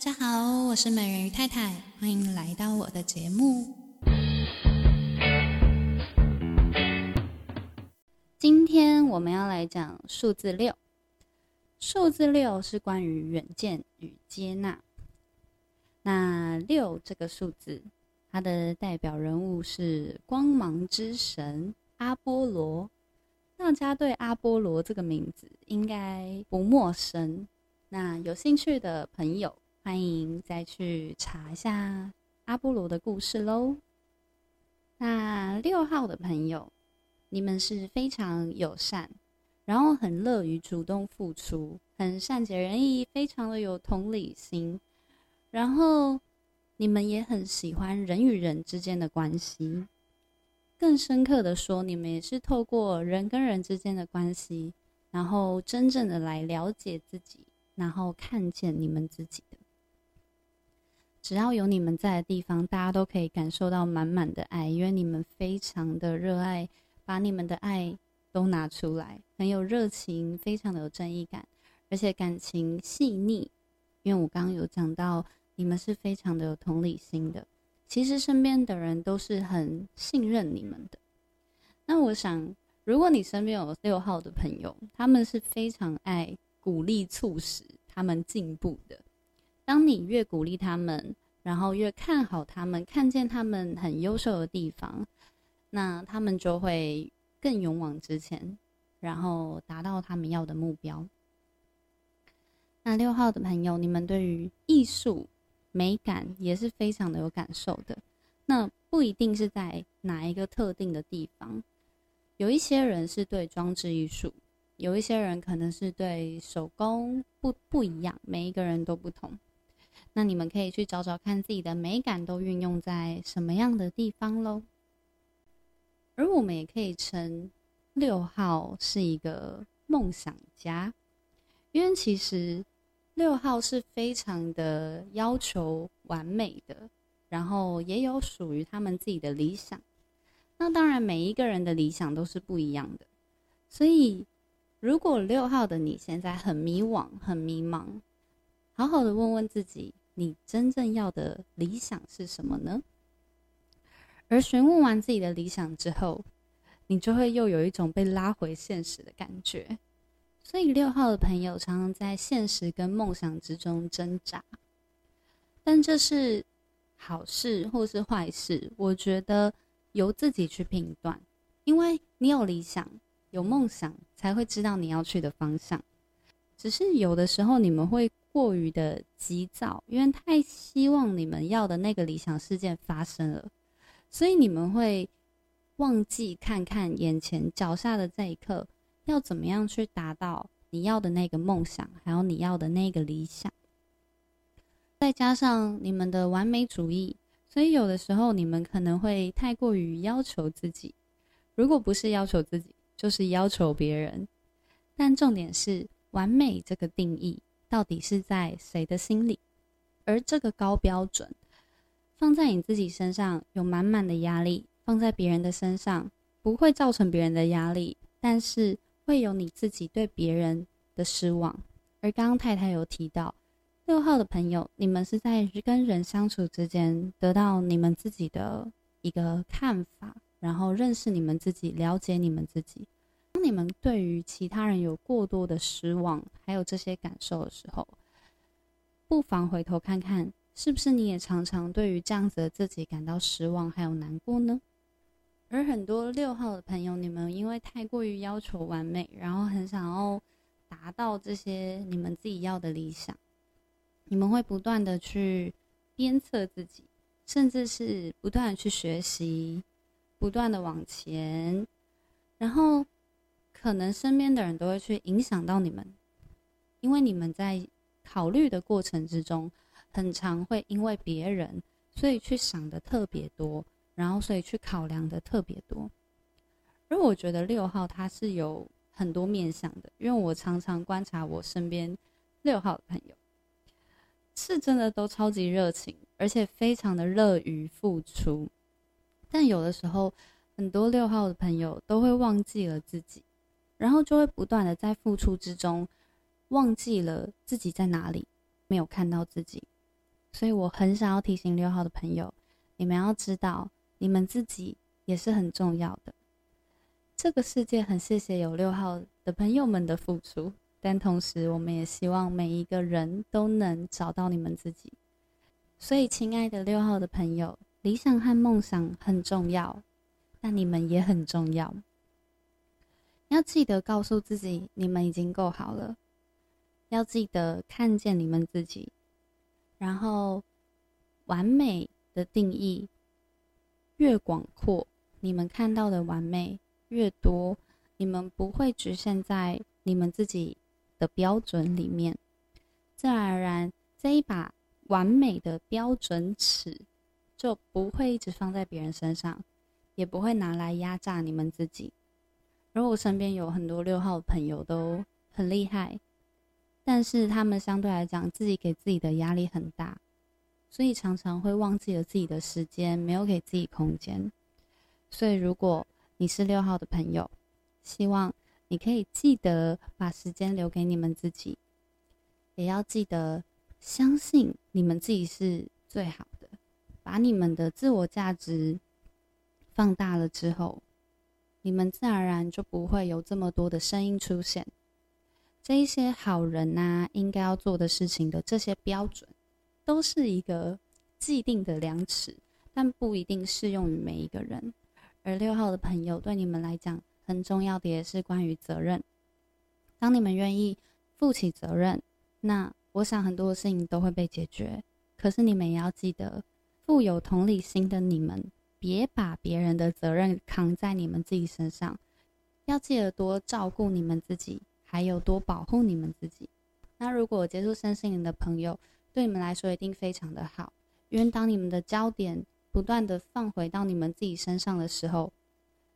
大家好，我是美人魚太太，歡迎來到我的節目。今天我們要來講數字六，數字六是關於遠見與接納。那六這個數字，它的代表人物是光芒之神阿波羅。大家對阿波羅這個名字應該不陌生。那有興趣的朋友。歡迎再去查一下阿波羅的故事嘍。那六號的朋友，你們是非常友善，然後很樂於主動付出，很善解人意，非常的有同理心，然後你們也很喜歡人與人之間的關係。更深刻的說，你們也是透過人跟人之間的關係，然後真正的來了解自己，然後看見你們自己。只要有你們在的地方，大家都可以感受到滿滿的愛，因為你們非常的熱愛，把你們的愛都拿出來，很有熱情，非常的有正義感，而且感情細膩。因為我剛剛有講到，你們是非常的有同理心的，其實身邊的人都是很信任你們的。那我想，如果你身邊有六號的朋友，他們是非常愛鼓勵、促使他們進步的。當你越鼓勵他們，然後越看好他們，看見他們很優秀的地方，那他們就會更勇往直前，然後達到他們要的目標。那六號的朋友，你們對於藝術美感也是非常的有感受的。那不一定是在哪一個特定的地方，有一些人是對裝置藝術，有一些人可能是對手工不不一樣，每一個人都不同。那你們可以去找找看自己的美感都運用在什麼樣的地方嘍。而我們也可以稱六號是一個夢想家，因為其實六號是非常的要求完美的，然後也有屬於他們自己的理想。那當然，每一個人的理想都是不一樣的，所以如果六號的你現在很迷惘、很迷茫，好好的問問自己。你真正要的理想是什麼呢？而詢問完自己的理想之後，你就會又有一種被拉回現實的感覺。所以六號的朋友常常在現實跟夢想之中掙扎，但這是好事或是壞事，我覺得由自己去評斷。因為你有理想、有夢想，才會知道你要去的方向。只是有的時候你們會……過於的急躁，因為太希望你們要的那個理想事件發生了，所以你們會忘記看看眼前腳下的這一刻，要怎麼樣去達到你要的那個夢想，還有你要的那個理想。再加上你們的完美主義，所以有的時候你們可能會太過於要求自己，如果不是要求自己，就是要求別人。但重點是完美這個定義。到底是在誰的心裡？而這個高標準放在你自己身上有滿滿的壓力，放在別人的身上不會造成別人的壓力，但是會有你自己對別人的失望。而剛剛太太有提到六號的朋友，你們是在跟人相處之間得到你們自己的一個看法，然後認識你們自己，了解你們自己。你們對於其他人有過多的失望，還有這些感受的時候，不妨回頭看看，是不是你也常常對於這樣子的自己感到失望，還有難過呢？而很多六號的朋友，你們因為太過於要求完美，然後很想要達到這些你們自己要的理想，你們會不斷的去鞭策自己，甚至是不斷的去學習，不斷的往前，然後。可能身邊的人都會去影響到你們，因為你們在考慮的過程之中，很常會因為別人，所以去想的特別多，然後所以去考量的特別多。而我覺得六號他是有很多面向的，因為我常常觀察我身邊六號的朋友，是真的都超級熱情，而且非常的樂於付出，但有的時候很多六號的朋友都會忘記了自己。然後就會不斷的在付出之中，忘記了自己在哪裡，沒有看到自己，所以我很想要提醒六號的朋友，你們要知道，你們自己也是很重要的。這個世界很謝謝有六號的朋友們的付出，但同時我們也希望每一個人都能找到你們自己。所以，親愛的六號的朋友，理想和夢想很重要，但你們也很重要。要記得告訴自己，你們已經夠好了。要記得看見你們自己，然後完美的定義越廣闊，你們看到的完美越多，你們不會局限在你們自己的標準裡面。自然而然，這一把完美的標準尺就不會一直放在別人身上，也不會拿來壓榨你們自己。而我身邊有很多六號的朋友都很厲害，但是他們相對來講自己給自己的壓力很大，所以常常會忘記了自己的時間，沒有給自己空間。所以如果你是六號的朋友，希望你可以記得把時間留給你們自己，也要記得相信你們自己是最好的，把你們的自我價值放大了之後。你們自然而然就不會有這麼多的聲音出現。這一些好人吶，應該要做的事情的這些標準，都是一個既定的量尺，但不一定適用於每一個人。而六號的朋友，對你們來講，很重要的也是關於責任。當你們願意負起責任，那我想很多的事情都會被解決。可是你們也要記得，富有同理心的你們。別把別人的責任扛在你們自己身上，要記得多照顧你們自己，還有多保護你們自己。那如果我接觸身心靈的朋友，對你們來說一定非常的好，因為當你們的焦點不斷地放回到你們自己身上的時候，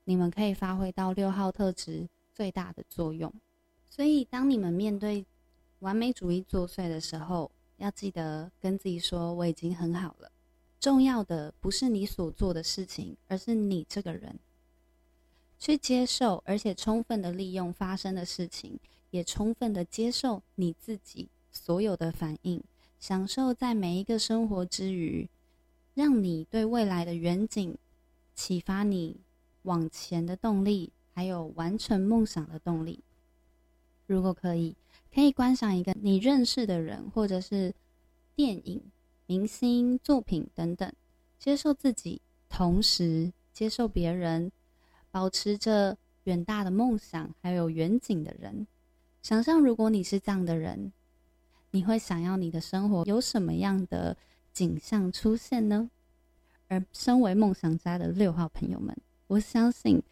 你們可以發揮到六號特質最大的作用。所以當你們面對完美主義作祟的時候，要記得跟自己說：“我已經很好了。”重要的不是你所做的事情，而是你這個人。去接受，而且充分的利用發生的事情，也充分的接受你自己所有的反應，享受在每一個生活之餘，讓你對未來的遠景啟發你往前的動力，還有完成夢想的動力。如果可以，可以觀賞一個你認識的人，或者是電影。明星作品等等，接受自己，同時接受別人，保持着遠大的夢想還有遠景的人，想象如果你是這樣的人，你會想要你的生活有什麼樣的景象出現呢？而身為夢想家的六號朋友們，我相信，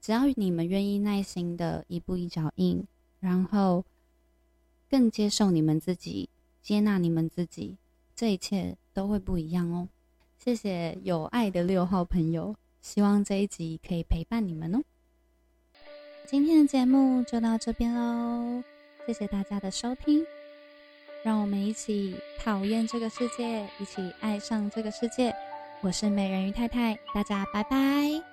只要你們願意耐心的一步一腳印，然後更接受你們自己，接納你們自己。這一切都會不一樣哦，謝謝有愛的六號朋友，希望這一集可以陪伴你們哦。今天的節目就到這邊咯，謝謝大家的收聽，讓我們一起討厭這個世界，一起愛上這個世界。我是美人魚太太，大家拜拜。